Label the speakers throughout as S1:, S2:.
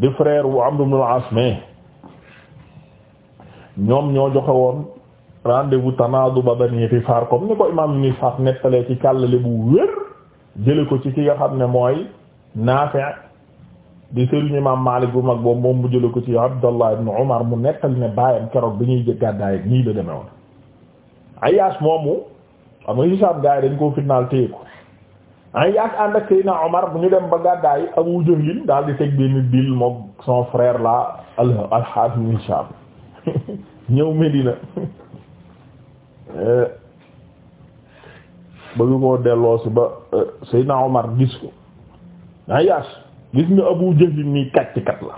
S1: di frère wu Amr ibn al ñoom ñoo joxe woon rendez bu tanaadu ba Bani Ghifaar comme ni ko imaam ni sax nettalee ci kàllale bu wér jële ko ci ki nga xam ne mooy Naafi' di sëriñ imaam Maalik bu mag boobu moom mu jële ko ci Abdallah ibn Umar mu nettali ne baayam keroog bi ñuy gàddaay nii la demee woon Ayyaas moomu xam nga Hisaam gaa dañ koo fitnaal téye ko ay yaag ànd ak Seydina Omar bu ñu dem ba gàddaay Abu Jahl daal di teg benn dil moom son frère la al al-Harith ñëw Medina eh, bëgg koo delloo si ba eh, Seydina Omar gis ko ay yaas gis nga Abu Jahl nii kàcc kat la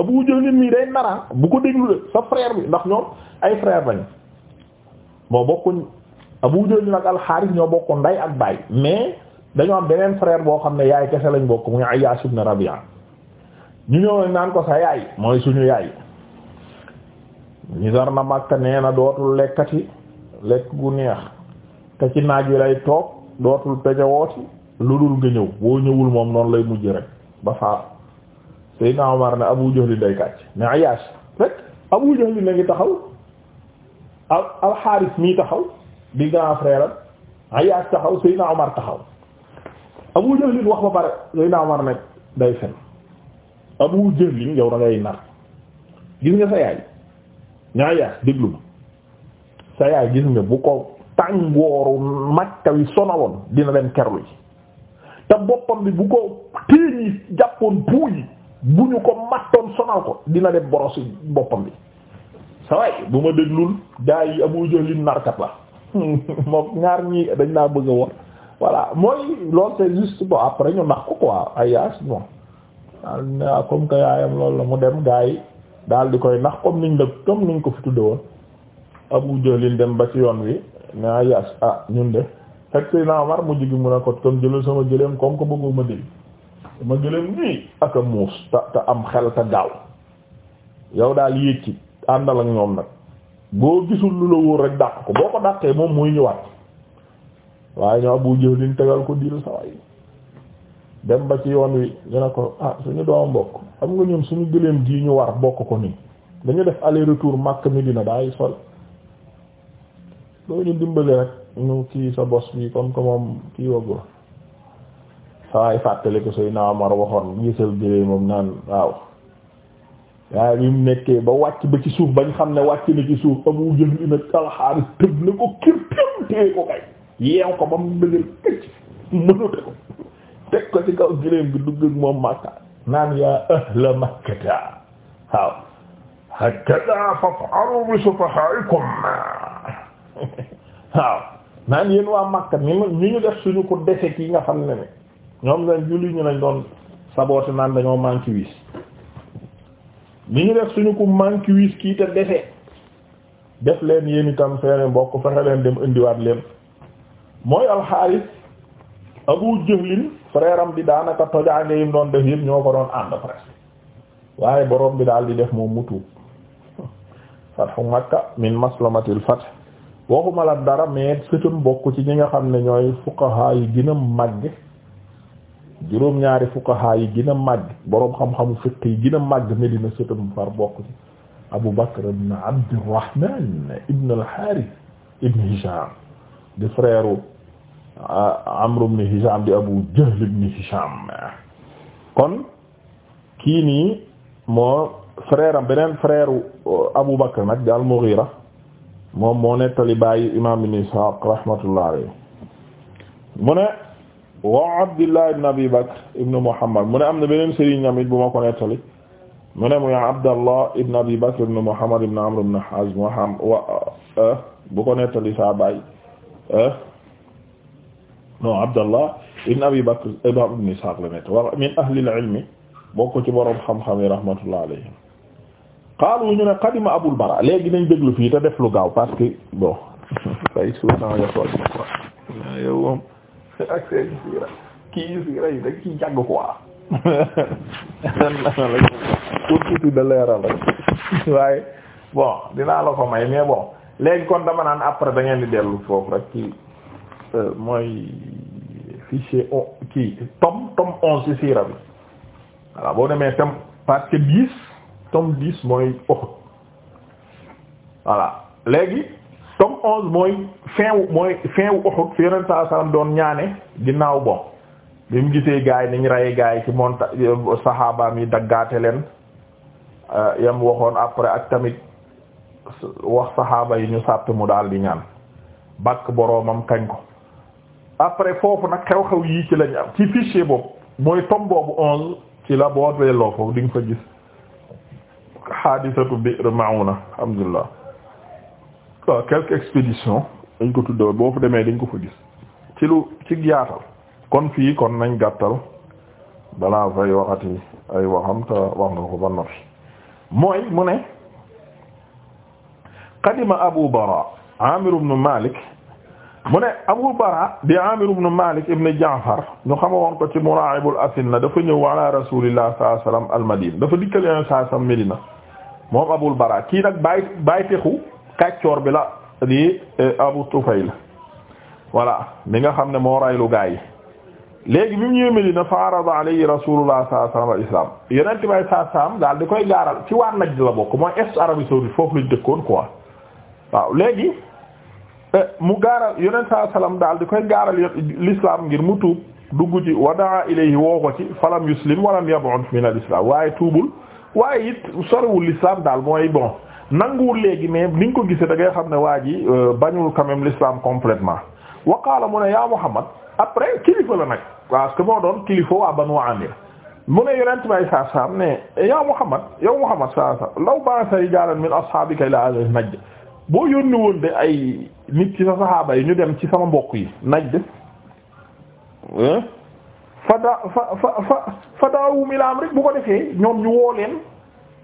S1: Abu Jahl nii day nara bu ko déglu de sa frère bi ndax ñoom ay frère lañu moo bokkuñ Abu Jahl nag al ñoo bokk nday ak baay mais dañu am beneen frère boo xam ne yaay kese lañ bokk muy Ayyaash ibn Rabi'a ñu ñëw naan ko sa yaay mooy suñu yaay nisar na Makka nee na dootul lekkati lekk gu neex ci naaj wi lay toog dootul pejawooti lu dul nga ñëw moom noonu lay mujj rek ba faat Seydina Omar taxaw al- alxaaris mii taxaw di grand frère am Ayyaas taxaw Seydina Omar taxaw Abu Jahl wax ba pare Seydina Omar nag day fen Abu Jahl yow da nar gis nga sa yaay ñaa Ayyaas déglu ma sa yaay gis nga bu ko tàngooru Makka wi sonaloon dina dem kerlu ji te boppam bi bu ko téeñ yi jàppoon puu yi bu ñu ko mattoon sonal ko dina dem borosi boppam bi sa waay bu ma déglul gaa yi Abu narkat la moom ñaar ñi dañ laa bëgg woon wor voilà mooy loolu c'est juste bon après ñu nax ko quoi ayas bon waaw ah, comme que yaayam loolu la mu dem gaa yi daal di koy nax comme niñ la comme niñ ko fi tudde woon Abu Jahl dem ba ci yoon wi ne ayas ah ñun de fekk naa war mujj gi mun a ko kon jëlal sama jëleem comme que bëgguma dégg sama jëleem nii ak a muus te te am xel te gaaw yow daal yéeg ci àndal ñoom nag boo gisul lu la wóor rek dàq ko boo ko dàqee moom muy ñëwaat waaye ñoo bu jëw liñ tegal ko diil saway dem ba ci yoon wi ñu ne ko ah suñu doom bokk xam nga ñun suñu gëléem gi ñu war bokk ko nii dañu def aller retour Makka Medina daay sol loolu ñu dimbali rek ñu kii sa bos bi comme que moom kii wagul sawaay fàttali ko say naamar waxoon gisal gëléemam naan waaw waaye bi mu nekkee ba wàcc ba ci suuf bañ xam ne wàcc na ci suuf amu jël li nag alxaaris tëb na ko kirtam kay yeew ko ba mu dëgër këcc mënute ko teg ko ci kaw giléem bi dugg moom Makka naan yaa ahla Makkata waaw hakada faf'alu bi sufahaa'ikum waaw naan yéen waa Makka ni ni ñu def suñu ko dese ki nga xam ne ne ñoom lañ julli ñu lañ doon saboote naan dañoo manque wis li ñu def suñu ko manque whisky te defe def leen yéen itam seeni mbokk fexe leen dem indiwaat leen mooy alxaaris abu jëhlin frère am di daanaka tojaange yim doon def yëpp ñoo ko doon ànd presque waaye boroom bi daal di def moom mu tuub fathu makka min maslamatil fath waxuma la dara mais sëtam bokk ci ñi nga xam ne ñooy fuqaha yi gën a màgg juróom-ñaari fuqaha yi gën a boroom xam-xamu fiqh yi gën a màgg Medina sëtam far bokk ci Abu Bakr ibn Abdurrahman ibn al-Harith ibn Hisham di frère Amr ibn Hisham di Abu Jahl ibn Hisham kon kii nii moo frère am beneen frère Abu Bakr nag di al moom moo nettali bàyyi imam ibn Ishaq rahmatullah alayhi mu ne wa Abdullah ibn Abi Bakr ibn Muhammad mu ne am na beneen sëriñ am it bu ma ko nettali mu ne muy Abdallah ibn Abi Bakr ibn Muhammad ibn Amr ibn Hazm eh, bu ko nettali saa baay eh, non Abdallah ibn Abi Bakr ibn Ishaq la nett min ahli al-ilmi bokk ci boroom xam-xam yi rahmatullah alayhim qaalu ñu ne qadima Abul Bara léegi nañ déglu fii te def lu gaaw parce que bon. ak seen siira kii siira yi dañ ciy jàgg quoi pour tuuti da leeral rek waaye bon dinaa la ko may mais bon léegi kon dama naan après da ngeen di dellu foofu rek ci mooy fichier on kii tome tome onze ci siira bi voilà boo demee tome parce que dix tome dix mooy oxut voilà tome onze mooy fin wu mooy fin wu Uhud fi yonent saa doon ñaane ginnaaw bon bi mu gisee gaay niñ reye gaay ci monta euh, saxaabaam yi daggaate leen euh, yam waxoon après ak tamit wax saxaaba yi ñu sàpp mu daal di ñaan bakk boroomam kañ ko après foofu nag xew-xew yii ci lañ am ci fichier boobu mooy tome boobu onze ci la boo delloo foofu di nga fa gis xaadisatu Bi'r Ma'una alhamdulillah waaw quelque expédition dañ ko tuddoo boo fa demee dañ ko fa gis ci lu ci yaatal kon fii kon nañ gàttal balaa fay waxati ay waxam te wax nga ko ba noppi mooy mu ne qadima Abu Bara Amir ibn Malik mu ne Abu Bara bi Amir ibn Malik ibn Ja'far ñu xamawoon ko ci Mura'ibul Asinna dafa ñëw ala Rasulillah sallallahu alayhi wasallam al dafa dikkal yeneen sallallahu alayhi wasallam Medina moom Abu Bara kii nag bàyyi bàyyi texu kàccoor bi la di eh, Abu Tufayl voilà mi nga xam ne moo raylu gaa yi léegi bi mu ñëwee Medina fa arada alayhi rasulullah sallallahu alayhi islam yeneen may saa daal di koy gaaral ci waa Najd la bokk mooy est Arabie saoudite foofu lañ dëkkoon quoi waaw léegi eh, mu gaaral yeneen saa salaam daal di koy gaaral l'islam ngir mu tuub dugg ci wadaa ilayhi woo ko ci falam yuslim walam yab'ud min al islam waaye tuubul waaye it soriwul l'islam daal mooy bon. nanguwul léegi mais ni ko gisee da ngay xam ne waa ji euh, bañul quand même l'islam complètement waqaala mu ne yaa Muhammad après kilifa la nag parce moo doon kilifa waa Banu Amir mu ne yonent bay saa saam ne yaa Muhammad yow Muhammad saa saam law ba'atha rijaalan min ashaabika ilaa ahli Najd boo yónni woon de ay nit ci sa saxaaba yi ñu dem ci sama mbokk yi naj fa da fa fa fa fa daawum ilaa am rek bu ko defee ñoom ñu woo leen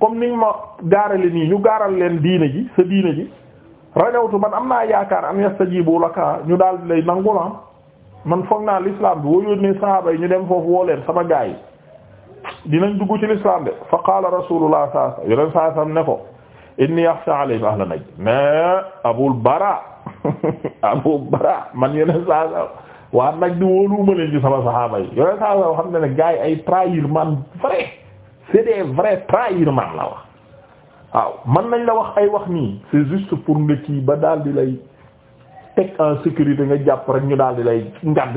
S1: comme ni ma gaarale nii ñu gaaral leen diine ji sa diine ji rajawtu man am naa yaakaar am yastajibu laka ñu daal di nangu la ah. man foog naa l'islam bi woo yónnee sahaaba yi ñu dem foofu woo sama gaay dinañ dugg ci l'islam de fa qaala rasulullah sallallahu alayhi wasallam saa ne ko inni yaxsha alayhim ahla najd mais abul bara abul bara man yeneen saa sam waa nag di wóoluuma leen ci sama sahaaba yi yeneen saa sam xam ne ne gaay ay trahir man vrai c'est des vrais trahirman la wax waaw mën nañ la wax ay wax nii c'est juste pour nga kii ba daal di lay teg en sécurité nga jàpp rek ñu daal di lay ngàdd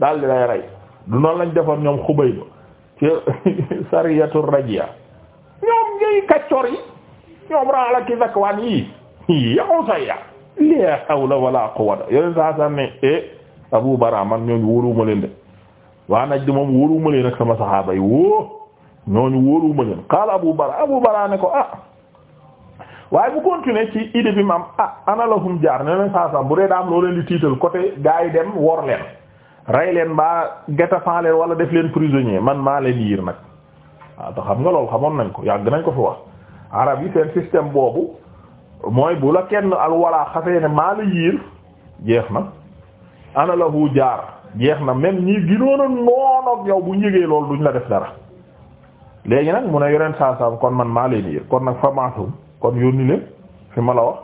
S1: daal di lay rey du noonu lañ defoon ñoom xubay ba ci sariyatu rajia ñoom ñooy kaccoor yi ñoom raala ki zakwaan yi yow sa ya la hawla wala quwwata saa saa ne e Abu Bara man ñooñ wóoluwuma leen de waa naj di moom wóoluwuma leen ak sama saxaaba yi wóo ñooñu wóoluwuma leen qaala Abu balaa Abu Bara ne ko ah waaye bu continuer ci idée bi mu am ah ana jaar ne leen saa saa bu dee daa am leen di tiital côté gaa yi dem wor leen rey leen ba guet-apens leen wala def leen prisonnier man maa leen yiir nag waaw te xam nga loolu xamoon nañ ko yàgg nañ ko fi wax arab yi seen système boobu mooy bu la kenn al walaa xasee ne maa la yiir jeex na ana lahu jaar jeex na même ñii ginoon a noonoog yow bu ñu loolu duñ la def dara léegi nag mu ne yoneen saasaam kon man maa leen yër kon nag fa maatum kon yónni leen fi ma la wax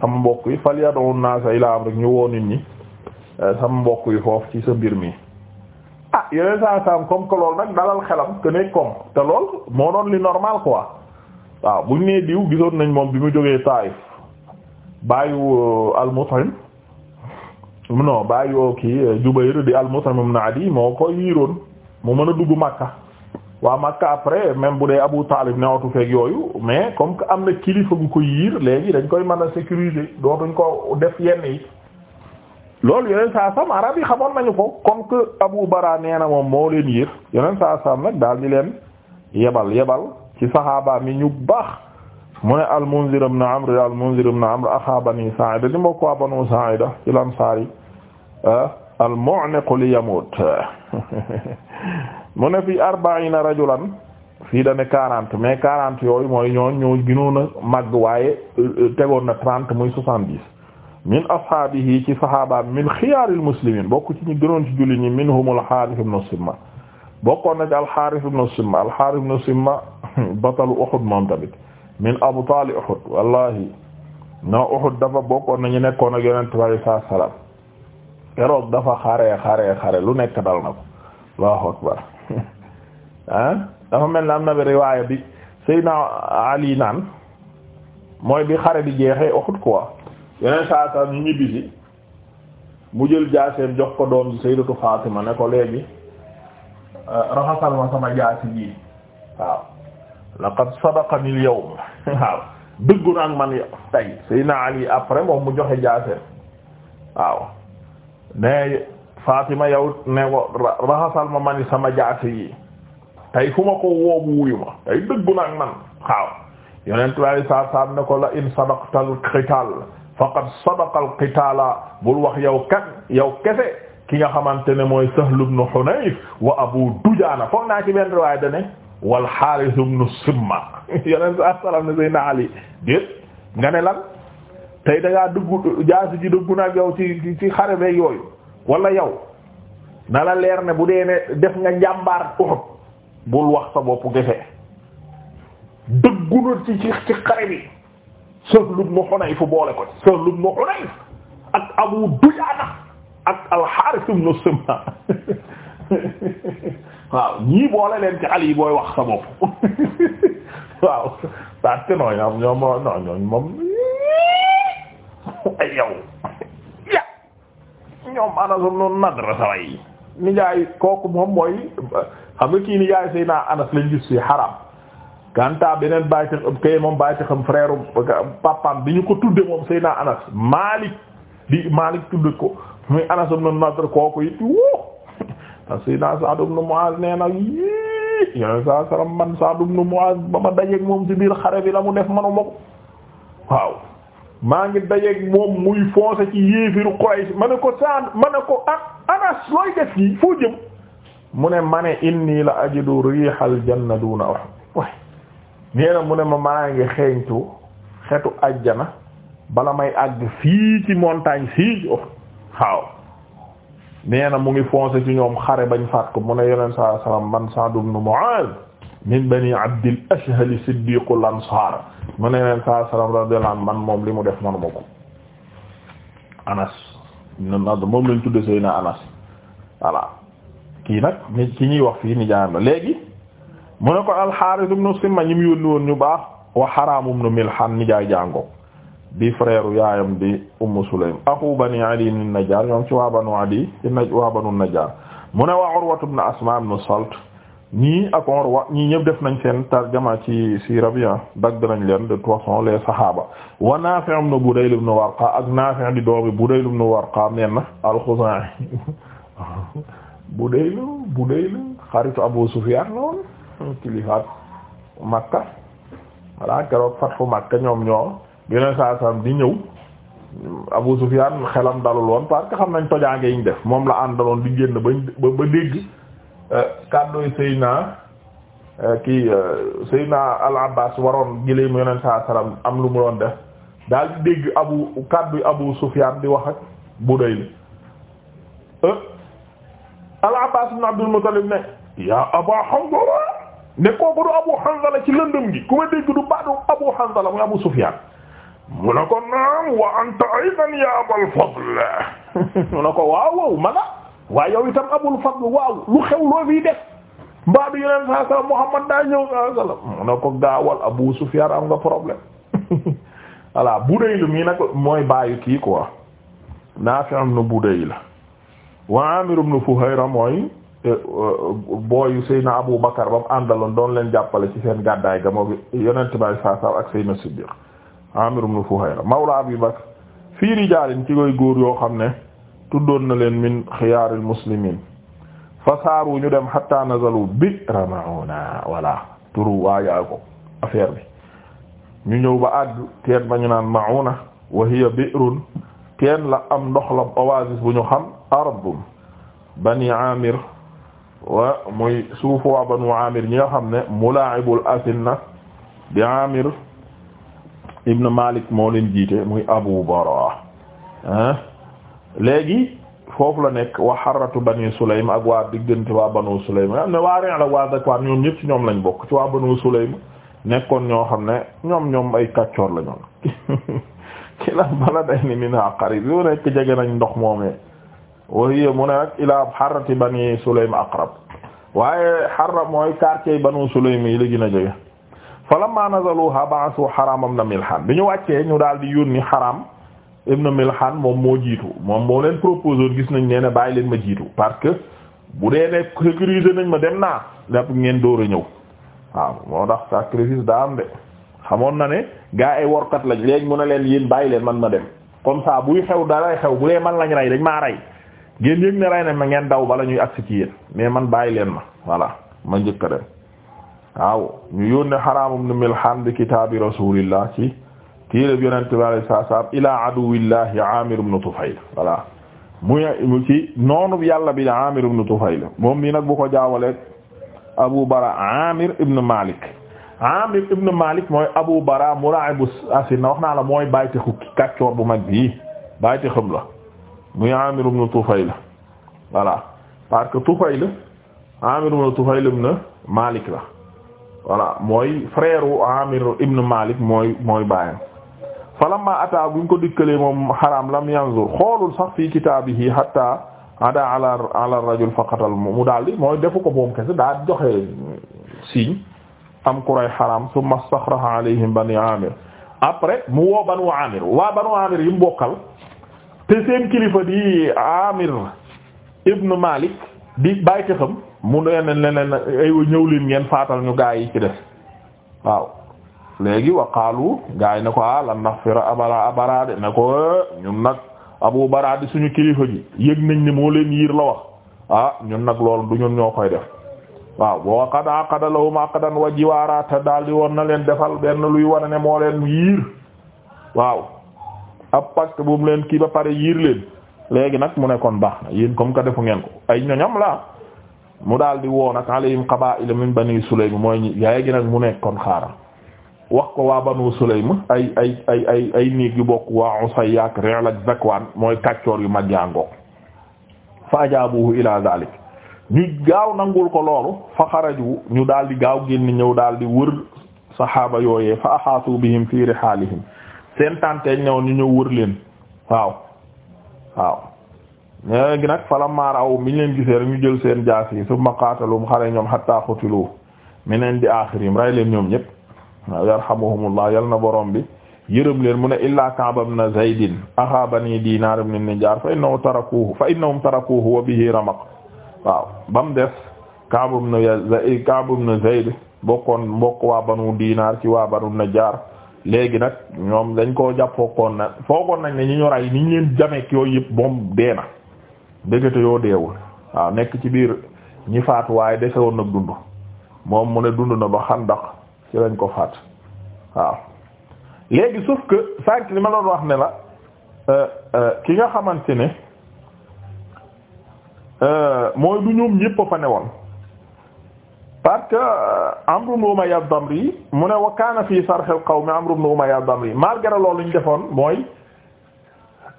S1: sama mbokk yi fal yad'u naasa ila amrik ñu woo nit ñi eh, sama mbokk yi foofu ci sa mbir mi ah yoneen saasaam comme que loolu nag dalal xelam que ne comme te lool moo doon li normal quoi waaw buñ nee diw gisoon nañ moom bi mu jógee Taif bàyyiwu eh, al-Mut'im non bàyyiwoo kii eh, Jubayr di al-Mut'im ibn Adi moo ko yiiroon mu mën a dugg Makka waa Makka après même bu dee Abu Taalib newatu feeg yooyu mais comme que am na kilifa gu ko yiir léegi dañ koy man a sécuriser dootuñ ko def yenn yi loolu yeneen saa sam arab yi xamoon nañu ko comme que Abu Bara nee na moom moo leen yiir yeneen saa sam nag daal di leen yebal yebal ci saxaabaam yi ñu baax mu ne al-Munzir ibn Amr al-Munzir ibn Amr axaa Bani Saa'ida di mbokk waa Banu Saa'ida ci Ansaar yi ah. al-mu'niqu li yamut mu ne fii arba'iina rajulan fii da ne quarante mais quarante yooyu mooy ñooñ ñoo gënoon a waaye euh, euh, tegoon na trente muy soixante-dix min ashaabihi ci sahaaba min xiyaaril muslimiin bokk ci ñu gënoon ci julli ñi minhum al-Haaris ibn Simma bokkoon na ci al-Haaris ibn Simma al-Haaris ibn Simma batalu Uhud moom tamit min abtaali Uhud wallahi no Uhud dafa bokkoon nañu nekkoon ak Yonent bi sallallahu keroog dafa xare xare xare lu nekk dal na ko Allahu akbar ah dafa mel ne am na bi riwaaya bi Seydina Ali naan mooy bi xare di jeexee Uhud quoi yeneen saa saa ñu ñibbi mu jël jaaseem jox ko doom ji Sayyidatu Fatima ne ko léegi ah, raxasal ma sama jaasi ji waaw laqad sadaqani al-yawm waaw dëggu naa man tey Seydina Ali après moom mu joxe jaaseem waaw ne Fatima yow ne sama jaasi yi tey ma ko woobu wuyu ma tey dëggu nag man xaaw yonent bi saa saam ne ko la in sadaqtal qital faqad sadaqal qitala bul wax yow yow kese ki nga xamante ne mooy Sahl ibn Hunayf wa Abu Dujana foog naa ci benn riwaay dane wal Harith ibn Simma yonent saa saam ne Seydina Ali déet nga ne lan tey dangaa dugg jaasi ji dugg nag yow ci ci xare beeg yooyu wala yow na la leer ne bu dee ne def nga njàmbaar Uhud bul wax sa bopp gese dëgguna ci ci ci xare bi Sahl ibn Hunayf boole ko Sahl ibn Hunayf ak Abu Dujaana ak al-Harith ibn Simma waaw ñii boole leen ci Ali booy wax sa bopp waaw parce que nooy am ñoom non moom ay yow ya ñoom Anas ibn Nadr saway nijaay kooku moom mooy xam nga kii nijaay say naa Anas lañ gis ci xaram kanta beneen bàyyi kay moom bàyyi xam frère papam bi ñu ko tudde moom say naa Anas Malik di Malik tudde ko muy Anas ibn Nadr kooku it woo say naa Sa'd ibn Mu'az nee na yi yoneen saa saram man Sa'd ibn Mu'az ba ma dajeek moom ci biir xare bi la mu def manuma ko waaw maa ngi dajeeg moom muy foncé ci yéefiru Quraysh ma ne ko saan ma ne ko a ah anas looy def yi foo jëm mu ne ma ne inni la ajidu riihal janna duna Uhud waay nee na mu ne ma maa ngi xeeñtu xetu ajjana bala may àgg fii ci montagne fii ci Uhud waaw na mu ngi foncé ci ñoom xare bañ faat ko mu ne yoneen saa sallam man Sa'd ibn Mu'adh min bani abdil ashhal siddiqul ansar mu neen saa salaam radiyallahu anhu man moom li mu def manuma ko anas moom lañ tudde Seydina anas voilà kii nag ni ki ñuy wax fii ni jaayam la léegi ne ko alxaaris ibnu simma ñi mu yónni woon ñu baax wa xaraam ibnu milhan ni jaay jàngo di frère yaayam di ummu sulaym axu bani ali ibn najjar ñoom ci waa banu adi ci waa mu wa urwatu ibnu ñii ak Urwa ñii ñëpp def nañ seen tarjama ci si rabia ah, dagg nañ leen de toute façon les sahaba wa Nafi' ibn Budayl di doomi Budayl ibn Warqa na al-Khuzai Budayl Budayl xaritu Abu Sufyan lool kilifaat Makka voilà keroog fatfu Makka ñoom ñoo yeneen saa sam di ñëw Abu Sufyan xelam dalul woon parce xam nañ tojaange yiñ def moom la àndaloon di génn ba ba dégg kàddooy Seydina eh, kii eh, Seydina al-Abbas waroon giléem yonent saa salaam am lu daal di abu kàddu Abu Sufyaan di wax ak Budayl eh, al-Abbas ibn Abdul Muttalib ne yaa Aba Hanzala ne kooku du Abu Hanzala ci lëndëm gi ku ma du baatu Abu Hanzala muy Abu Sufyaan mu ne ko naam wa anta aydan ya Abal Fadl mu ne ko waaw waaw mana waaye yow itam abul fadl waaw lu xew loo fii def mbaa du yeneen saa Muhammad daa ñëw saa sallam ko gaawal Abu Sufyan am nga problème voilà Budayl mii nag mooy bàyyi kii quoi Nafi' ibn Budayl wa Amir ibn Fuhayra mooy eh, eh, booyu Seydina Abu Bakar ba mu àndaloon doon leen jàppale ci seen gàddaay ga moom yonent baay saa saa ak Seydina Siddiq Amir ibn Fuhayra mawla Abi Bakr fii rijaalin ci koy góor yoo xam ne tuddoon na leen min xiyaaril muslimin fa saaru ñu dem hatta nazalu bi'ra ma'una wala turu waayaa ko affaire bi ñu ñëw ba àgg teen ba naan ma'una wa hiya bi'run teen la am ndox la oasis bu ñu xam arbum bani amir wa muy suufu waa banu amir ñi xam ne mulaa'ibul asinna di amir ibn malik moo jiite muy abu bara léegi foofu la nekk wa xaratu bani sulaym ak waa diggante waa banu sulaym am ne waa Ri'la waa Zakwaan ñoom ñëpp ñoom lañ bokk ci waa banu sulaym nekkoon ñoo xam ne ñoom ñoom ay kàccoor la ñoon ki la day ni min ha qarib yu nekk jege nañ ndox moomee wa hiya mu ne nag ilaa xarati bani sulaym aqrab waaye xarra mooy quartier banu sulaym yi la gën a jege fa lamma nazaluha ba'asu xaramam na milhan bi ñu wàccee ñu daal di yónni xaram ibn Milhan moom moo jiitu moom moo leen proposé gis nañ nee na bàyyi leen ma jiitu parce que bu dee ne sécuriser nañ ma dem naa lépp ngeen door a ñëw waaw moo tax sacrifice daa am de xamoon na ne gaa ay workat lañ léegi mu ne leen yéen bàyyi leen man ma dem comme ça buy xew dalay xew bu dee man lañ rey dañ maa rey ngeen yëg ne rey nañ ma ngeen daw bala ñuy agsi ci mais man bàyyi leen ma voilà ma njëkk a dem waaw ñu yónnee xaraamum nu Milhan bi kitaabi téere bi yonente bi alayhi salaam ila aduwillahi amir ibn Tufayl voilà muy ci noonu yàlla bi amir ibn Tufayl moom nii nag bu ko jaawalee Abu Bara amir ibn Malik Abu Bara mula'ibu asin na wax naa la mooy bàyte xukki bu mag bii bàyte muy amir ibn Tufayl voilà parce Tufayl amir ibn Tufayl ibn Malik la mooy frère amir ibn Malik mooy mooy falamma ata buñ ko dikkalee moom xaram lam yanzur xoolul sax fii kitaabihi hatta ada ala ala rajul faqatal mu daal di mooy defu ko moom kese daa joxe signe am ku ray xaram summa staxraha alayhim bani amir après mu woo banu amir waa banu amir yi mu bokkal te seen kilifa di amir ibn malik di bàyyi xam mu ne leen ne leen aywa ñëw leen ngeen faatal ñu gaa yi ci def waaw léegi waqaalu gaa yi ne ko ah lan nafira abara abaraade ne ko eh, ñun nag abu baraade suñu kilifa gi yég nañ ne moo leen yiir la wax ah ñun nag lool du ñun ñoo koy def waaw boo qad aqada lahum aqdan wa jiwaaraata daal di woon na leen defal benn luy wane ne moo leen yiir waaw ab pacte bu mu leen kii ba pare yiir leen léegi nag mu ne kon baax na yéen comme que defu ngeen ko ay ñoñam la mu daal di woo nag alayhim qabaa'ila min bani sulaym mooy yaay gi nag mu nekk xaaral wax ko waa banu sulaym ay ay ay ay ay néeg yu bokk waa Usayya ak Ri'l ak Zakwaan mooy kàccoor yu mag yàngook fa ajaabuhu ila zalik ñu gaaw nangul ko loolu fa xaraju ñu daal di gaaw génn ñëw daal di wër saxaaba yooyee fa axaatu bihim fi rihaalihim seen tànteeg ñëw ñu ñëw wër leen waaw waaw léegi nag fala maaraw mi ñu leen gisee rek ñu jël seen jaas yi summa qaatalum xare ñoom hatta xutilu meneen di aaxirim rey leen ñoom ñépp yarhamuhumullah yal na borom bi yërëm leen mu ne illaa Ka'b ibn a axaa bani Diinaar ibn Najjaar fa innahu tarakuhu fa innahum tarakuhu wa bihi ramaq waaw ba des Ka'b ibn Zayd Ka'b mbokk waa banu ci waa na jaar léegi nag ñoom dañ ko jàpp foogoon na foogoon nañ ne ñu ñu rey leen jameek yooyu yëpp moom dee na dëggate deewul waaw nekk ci biir ñi faatu waaye desewoon nag dund moom mu ne dund na ba xandax ci lañ ko faat waaw léegi sauf que sànq li ma doon wax ne la euh, euh, ki nga xamante ne euh, mooy du ñoom ñëpp a fa newoon parce que Amr ibn Umayya ad-Damri mu ne wa kaana fii sarh al-qawmi Amr ibn Umayya ad-Damri malgré loolu ñu defoon mooy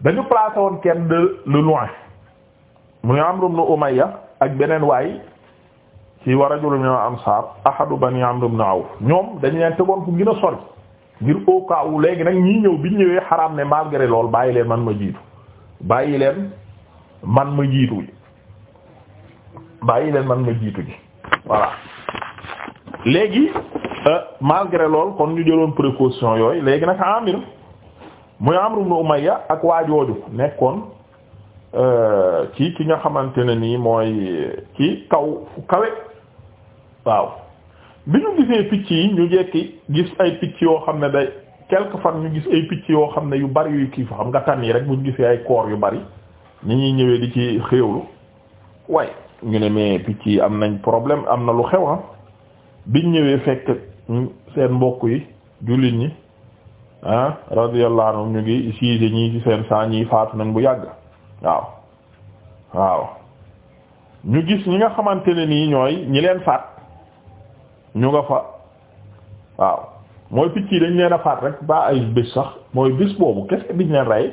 S1: dañu placé woon kenn de le loin mu ne Amr ibn Umayya ak beneen waay ci wa rajulun min al-ansaar ahadu bani Amr ibn Awf ñoom dañ leen tegoon fu gën a sori ngir au cas léegi nag ñii ñëw biñ ñëwee xaraam ne malgré lool bàyyi leen man ma jiitu bàyyi leen man ma jiitu bàyyi leen man ma jiitu ji voilà léegi euh, malgré lool kon ñu jëloon précaution yooyu léegi nag Amir muy Amr ibn Umayya ak waajooju nekkoon euh, ci ki nga xamante ne nii mooy ki kaw kawe waaw bi ñu gisee picc yi ñu jekki gis ay picc yoo xam ne day quelque fan ñu gis ay picc yoo xam ne yu bari yu kii fa xam nga tan yi rek bu ñu gisee ay koor yu bari ñi ñuy ñëwee di ci xéewlu waaye ñu ne mais picc yi am nañ problème am na lu xew ah biñ ñëwee fekk seen mbokk yi jullit ñi ah radiyallahu anhum ñu ngi siise seen saa ñii faatu nañ bu yàgg waaw gis ñi nga xamante nii ñooy ñi leen faat ñu nga fa waaw mooy picc yi dañ leen a faat rek ba ay bis sax mooy bis boobu kese biñ leen rey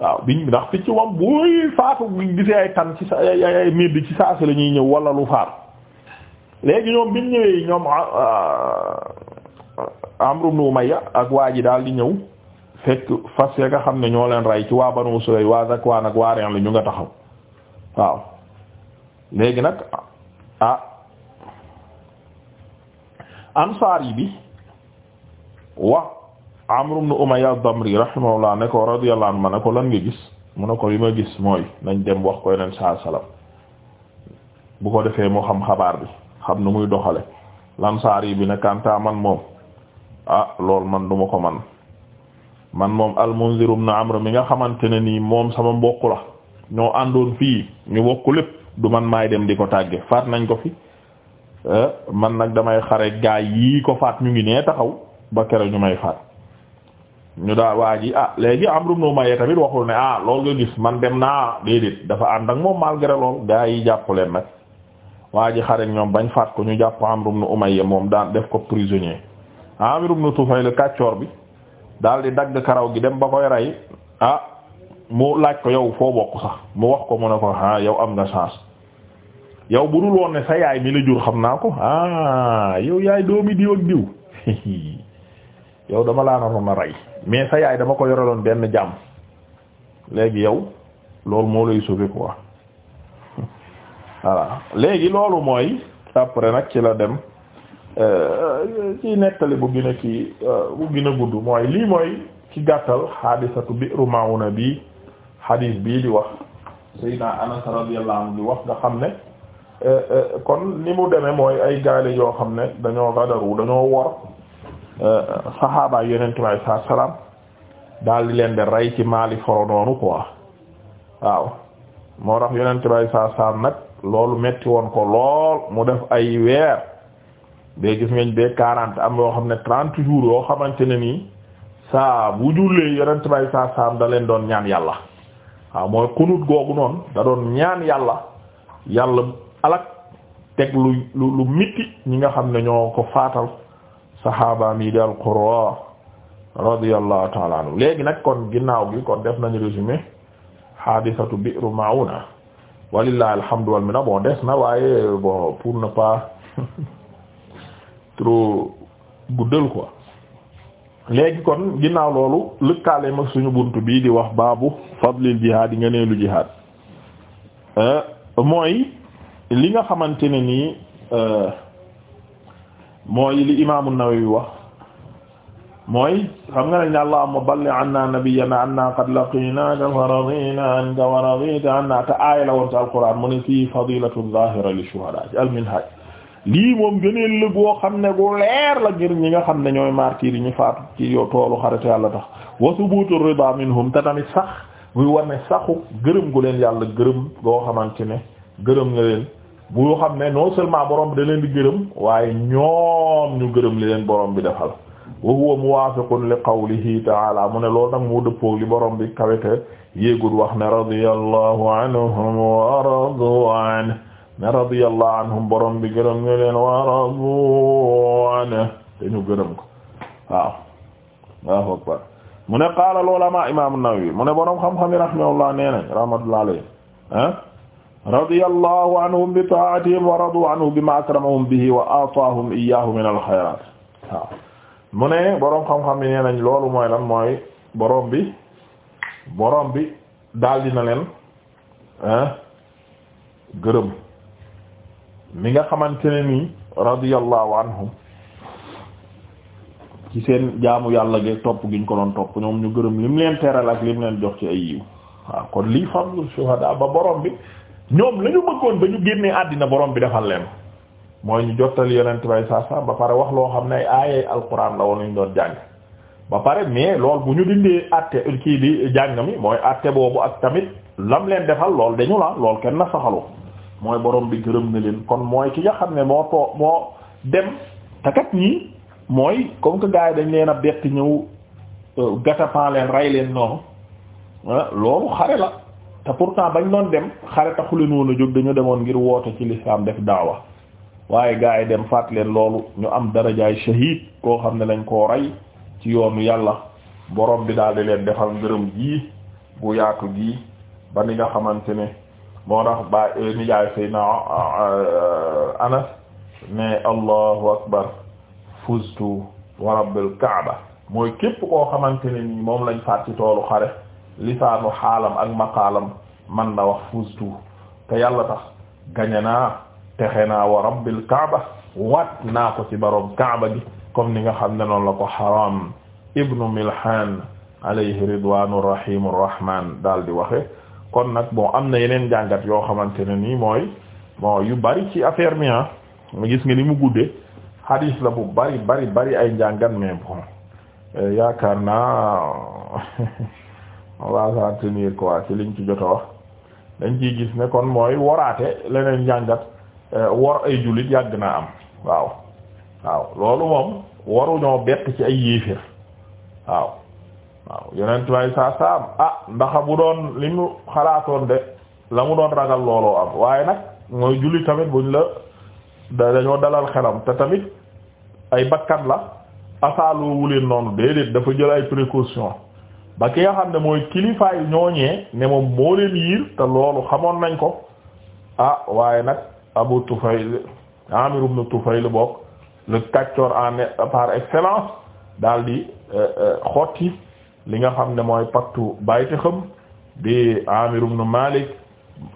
S1: waaw biñ ndax picc moom buy faatu gisee ay tan ci sa ay saa si la ñuy ñëw wala lu faatu léegi ñoom biñ ñëwee ñoom ah, ah, Amru ibn Umayya ak waa ji daal di ñëw fekk fas ya nga xam ne ñoo leen rey ci waa Banu Sulay waa Zakwaan ak waa Ri'l la ñu nga taxaw waaw léegi nag ah, ansaari bi wax Amr ibn Umayya ad-Damri rahimahullah ne ko radiyallahu anhu ma ne ko lan nga gis mu ne ko li ma gis mooy nañ dem wax ko yeneen saa bu ko defee moo xam xabaar bi xam nu muy doxale lansaari bi ne kanta man moom ah lool man duma ko man man moom al-Munzir ibn Amr mi nga xamante ne nii moom sama mbokk la ñoo àndoon fii ñu wokk lépp du man maay dem di ko tàgge faat nañ ko fi Eh, man nag damay xare gaay yii ko faat ñu ngi nee taxaw ba keroog ñu may faat ñu daal waa ji ah léegi am Amru ibn Umayya tamit waxul ne ah lool nga gis man dem naa déedéet dafa ànd ak moom malgré lool gaay yi jàpp leen nag waa ji xare ñoom bañ faat ko ñu jàpp Amru ibn Umayya moom daan def ko prisonnier Amru ibn Tufayl kàccoor bi daal di dagg karaw gi dem ba koy rey ah mu laaj ko yow foo bokk sax mu wax ko mu ne ko ah yow am na chance yow bu dul woon ne sa yaay mi la jur xam naa ko ah yow yaay doomi diw ak diw yow dama laa naroon a rey mais sa yaay dama ko yoreloon benn jàmm léegi yow loolu moo lay sauver quoi loolu mooy nag ci la dem euh, ci nettali bu gën a kii euh, bu gën a gudd mooy lii mooy ci gàttal xaadisatu bi ma'una bi xadiis bii di wax sayyidina Anas radiyallahu anhu di wax nga xam ne Euh, euh, kon ni mu demee mooy ay gaale yoo xam ne dañoo gadaru dañoo wor euh, saxaaba yonent bi saa salaam daal di leen di rey ci maali foro noonu quoi waaw moo tax yonent bi saa nag loolu metti woon ko lool mu def ay weer bee gis ngeen bee quarante am yoo xam ne trente jours yoo xamante ne nii saa bu jullee yonent bi saa salaam da leen doon ñaan yàlla waaw mooy kunut googu noonu da doon ñaan yàlla yàlla. alak teg lu lu mitti ñi nga xam ne ñoo ko faatal saxaabaam yi di al-Qurra radiyallahu ta'ala anhu léegi nag kon ginnaaw gi kon def nañu résumé hadisatu Bi'r Ma'una walillahi alhamdu wal minna bon des na waaye bon pour ne pas trop guddal quoi léegi kon ginnaaw loolu lëkkaale mag suñu bunt bii di wax baabu fadlil jihaad yi nga nee lu jihaad eh, mooy li nga xamante ne nii euh, mooy li imaamu Nawawi wax mooy xam nga nañ ne allahumma balli anna nabiyyana anna qad laqinaka fa radina anka wa radita anna te aaya la woon ci alquran mu ne fii fadilatu zahira li lii moom gëneel la goo xam ne gu leer la ngir ñi nga xam ne ñooy martyr yi ñu faatu ci yow toolu yàlla tax wa thubutu rida minhum te tamit sax muy war ne saxu gërëm gu leen yàlla gërëm goo xamante ne gërëm nga leen bu xam ne non seulement borom bi da leen di gërëm waaye ñoom ñu gërëm leen borom bi defal wa huwa li qawlihi ta'ala mu ne loolu nag mu dëppoog li borom bi kawete yéegul wax ne radiyallahu anhum wa an ne radiyallahu anhum borom bi gërëm ñu leen wa radu an te ñu gërëm ko waaw waaw akbar mu ne qaala loola ma imam an mu ne borom xam-xam yi rahimahullah nee nañ rahmatullah alayhi ah radiyallahu anhum bi ta'atihim wa radu anhu bima akramahum bihi wa ataahum iyyahu min al-khayrat waaw mu ne boroom xam-xam yi nee nañ loolu mooy lan mooy boroom bi boroom bi daldi na leen gërëm mi nga xamante ne nii radiyallahu anhum ci seen jaamu yàlla ge topp giñ ko doon topp ñoom ñu gërëm lim leen teral ak lim leen jox ci ay yiw waaw kon lii fadlu shuhada ba boroom bi ñoom la ñu ba ñu génnee àddina boroom bi defal leen mooy ñu jottali yonent bay saa saa ba pare wax loo xam ne ay aayay alquran la woon ñu doon jàng ba pare mais lool bu ñu dindee àtte kii bi jàng mi mooy àtte boobu ak tamit lam leen defal lool dañu la lool kenn na saxalu mooy boroom bi gërëm na leen kon mooy ki nga xam ne moo too moo dem takat ñii mooy comme que gars yi dañ leen a bett ñëw euh, gatapan leen rey leen noonu loolu xare la te pourtant bañ doon dem xare taxuleen woon a jóg dañu demoon ngir woote ci lislaam def daawa waaye gaa yi dem faat leen loolu ñu am darajaay shahid koo xam ne lañ koo rey ci yoonu yàlla boroom bi daal di leen defal ngërëm gii bu yaatu gii ba ni nga xamante ne moo tax ba eh, ni jaay say na eh, anas ne allahu akbar fuztu wa rabbil kaaba mooy képp koo xamante ne moom lañ faat ci toolu xare lisaanu xaalam ak maqaalam man na wax fustu te yàlla tax gañe naa texe naa wa rabbil kaaba waat naa ko ci boroom kaaba gi comme ni nga xam ne noonu la ko haram ibnu milhan alayhi ridwanu rahimu rahman daal di waxe kon nag bon am na yeneen jàngat yoo xamante ne nii mooy bon yu bari ci affaire mi mu ah. gis nga ni mu guddee hadis la bu bari bari bari ay njàngat mais bon eh, yaakaar naa on va s'en tenir quoi ci liñ ci jot a wax dañ ciy gis ne kon mooy waraate leneen njàngat euh, wor ay jullit yàgg naa am waaw waaw loolu moom waruñoo bett ci ay yéeféer waaw waaw yonent may saa saam ah ndax bu doon li mu xalaatoon de la mu doon ragal looloo am waaye nag mooy jullit tamit buñ la dañoo dalal xelam te tamit ay bakkan la asaaloowu leen noonu déedéet dafa jël ay précaution ba ki nga xam ne mooy kilifaayu ñooñee ne moom moo leen yiir te loolu xamoon nañ ko ah waaye nag Abu Tufayl Amir ibn lu bokk le kaccoor en par excellence daal di euh, euh, xotti li nga xam ne mooy paktu bayti xam bi Amir ibn Malik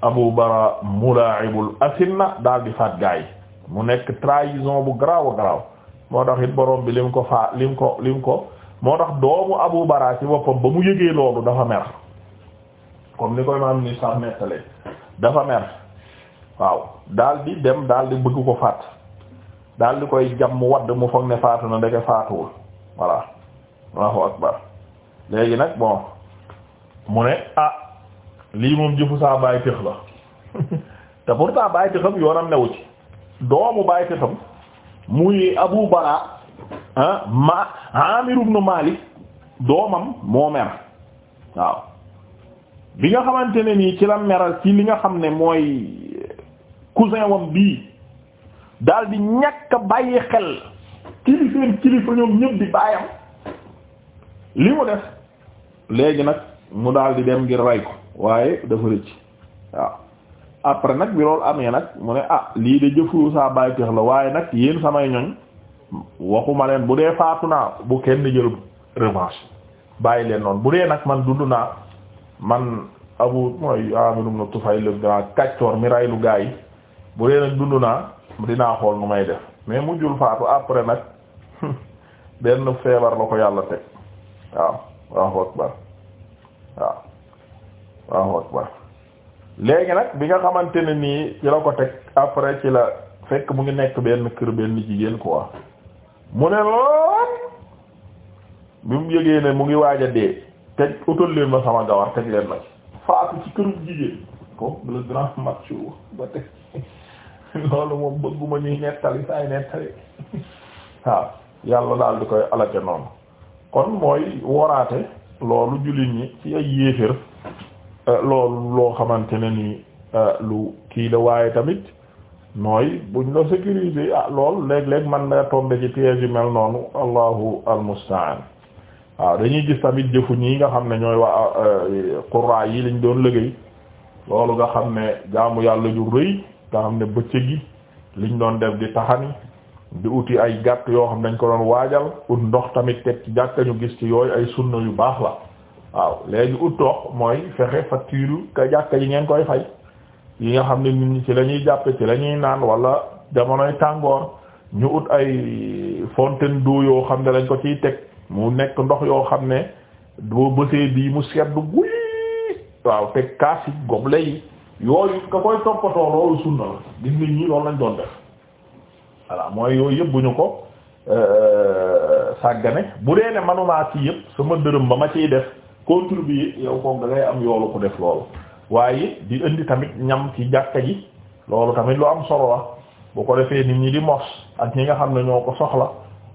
S1: Abu Bara mulaa'ibul asinna daal di faat gaay mu nekk trahison bu garaaw a garaaw moo tax it bi lim ko faa lim ko lim ko moo tax doomu Abu Bara ci boppam ba mu yëgee loolu dafa mer comme ni koy maam ni sax nettale dafa mer waaw daal di dem daal di bëgg ko faat daal di koy jam mu wadd mu foog ne faatu na ndeke faatuwul voilà Allahu akbar léegi nag bon mu ne ah lii moom jëfu saa bàyyi tëx la te pourtant bàyyi tëxam yoonam newu ci doomu bàyyi tëxam muy Abu Bara ah ma Amir ibn Malik doomam moo mer waaw bi nga xamante ne nii ci la meral ci li nga xam ne mooy cousin wam bii daal di ñàkk bàyyi xel kilifeen kilifa ñoom ñëpp di bàyyam li mu def léegi nag mu daal di dem ngir rey ko waaye dafa rëcc waaw après nag bi loolu amee nag mu ne ah lii de jëfru saa bàyyi teex la waaye nag yéen samay ñoñ waxuma leen bu dee faatu naa bu kenn jël revanche bàyyi leen noonu bu dee nag man dundu naa man abu mooy Aamir ibn Tufayl le grand kaccoor mi raylu gaa yi bu dee nag dund naa dinaa xool nu may def mais mujjul faatu après nag benn feebar la ko yàlla teg waaw waaw akbar waaw waaw akbar léegi nag bi nga xamante ne nii ci la ko teg après ci la fekk mu ngi nekk benn kër benn jigéen quoi mu ne lool bi mu yëgee ne mu ngi waaja a dee teg utal leen ma sama gawar teg leen ma ci faatu ci kërum jigéen ko le grand match ba teg loolu moom bëgguma ñuy nettali saay nettali waaw yàlla daal di koy alake noonu kon mooy woraate loolu jullit ñi ci ay yéeféer euh, loolu loo xamante ne ni euh, lu kii la waaye tamit mooy buñ la sécuriser ah lool léeg-léeg man na tombe ci piège yu mel noonu allahu almustaan waaw dañuy gis tamit jëfu ñi nga xam ne ñooy waa euh, qurra yi lañ doon liggéey loolu nga xam ne jaamu yàlla ju rëy nga xam ne bëccëg gi liñ doon def di taxani di uti ay gàtt yoo xam ne dañ ko doon waajal ut ndox tamit teg ci jàkka ñu gis ci yooyu ay sunna yu baax la waaw léegi ut ndox mooy fexe facture ka jàkka yi ngeen koy fay yi nga xam ne nit ñi ci lañuy ñuy jàppe ci la ñuy naan walla jamonoy tàngoor ñu ut ay fontaine d'eau yoo xam ne lañ ko ciy teg mu nekk ndox yoo xam ne boo bësee bii mu sedd guy waaw teg kaas yi gobelet yi yooyu nga koy toppatoo loolu sunna la gis nit ñi loolu lañ doon def voilà mooy yooyu yëpp bu ñu ko euh, sàggane bu dee ne manumaa ci yëpp sama dërëm ba ma ciy def contribuer yow ko nga am yoolu ko def loolu waaye di indi tamit ñam ci jàkka ji loolu tamit lu am solo la bu ko defee nit ñi di mos ak ñi nga xam ne ñoo ko soxla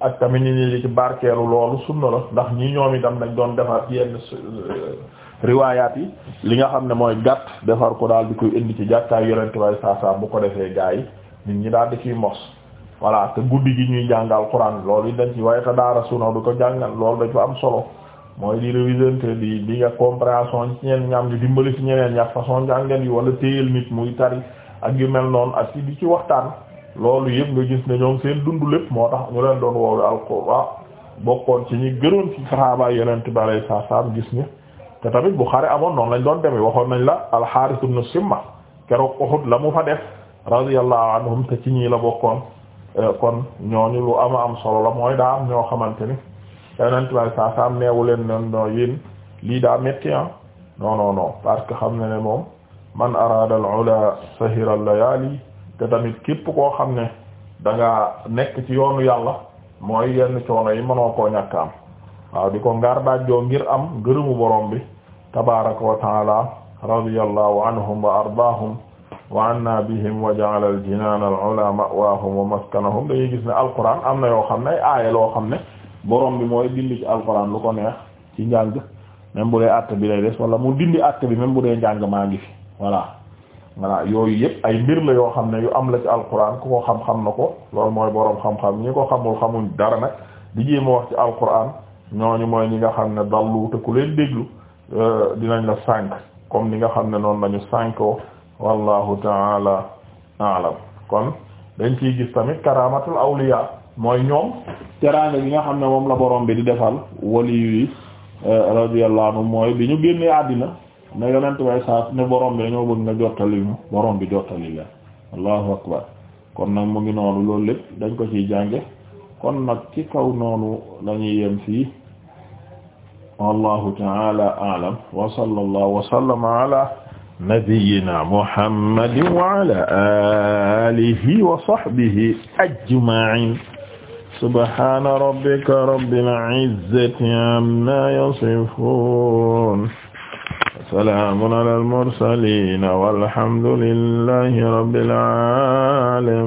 S1: ak tamit nit ñi di ci barkeelu loolu sunna la ndax ñi ñoom itam dañ doon defar yenn euh, riwaayaat yi li nga xam ne mooy gàtt defar ko daal di koy indi ci jàkkaay yonent way saa saa bu ko defee gaa yi nit ñi daal di ciy mos voilà te guddi gi ñuy jàngal quran loolu dañ ci waaye te daara suna du ko jàngal loolu dafa am solo mooy di révisionté di di nga compréhension ci ñeen ñam di dimbali ci ñeneen ña façon njàngen yi wala téyel nit muy tari ak yu mel noonu ak ci di ci waxtaan loolu yëpp nga gis ne ñoom seen dund lépp moo tax ñu leen doon woowe alquran bokkoon ci ñi gënoon ci saxaaba yonent bi alayhi salaam gis ni te tamit bu xare amoon noonu lañ doon demee waxoon nañ la al-Harith ibn Simma keroog Uhud la mu fa def radiyallahu anhum te ci ñii la bokkoon kon ñooñu lu ama am solo la mooy daa am ñoo xamante ni yonent bi saa saa neewu leen non non yéen lii daa métti ah non parce que xam na ne moom man araada al-ula sahira al te tamit képp koo xam ne da nekk ci yoonu yàlla mooy yenn coono yi mënoo koo ñàkk am waaw di ko ngaar daajjoo ngir am gërëmu borom bi tabaraka wa taala radiyallahu anhum wa ardaahum wa anna bihim wa ja'ala al-jinaan al-ula ma'waahum wa maskanahum dañuy gis ne alquran am na yoo xam ne ay aaya loo xam ne borom bi mooy dindi ci alxuraan lu ko neex ci njàng même bu àtt bi lay des wala mu dindi àtt bi même bu dee njàng maa ngi fi voilà voilà yooyu yëpp ay mbir la yoo xam ne yu am la ci alxuraan ku ko xam-xam na ko lool mooy borom xam-xam ñi ko xamul xamuñ dara nag di jéem a wax ci alxuraan ñooñu mooy ñi nga xam ne dallu te ku leen déglu euh, dinañ la sànk comme ni nga xam ne noonu lañu sànkoo wallahu taala alam kon dañ ciy gis tamit karamatul awliya mooy ñoom teraanga gi nga xam ne moom la borom bi di defal waliyu yi eh, radiyallahu mooy bi ñu génnee àddina ne yonent way saa ne borom bi dañoo bëgg nga jottali ñu borom bi jottali la allahu akbar kon nag mu ngi noonu loolu lépp dañ ko ciy jànge kon nag ci kaw noonu lañuy yem fii wallahu ta'ala a'lam wa sallallahu wa sallama ala nabiyyina muhammadin wa ala alihi wa sahbihi ajma'in subhaana rabbika rabbil izzati amma yasifuun salaamun alal mursaliin walhamdu lillaahi rabbil aalamiin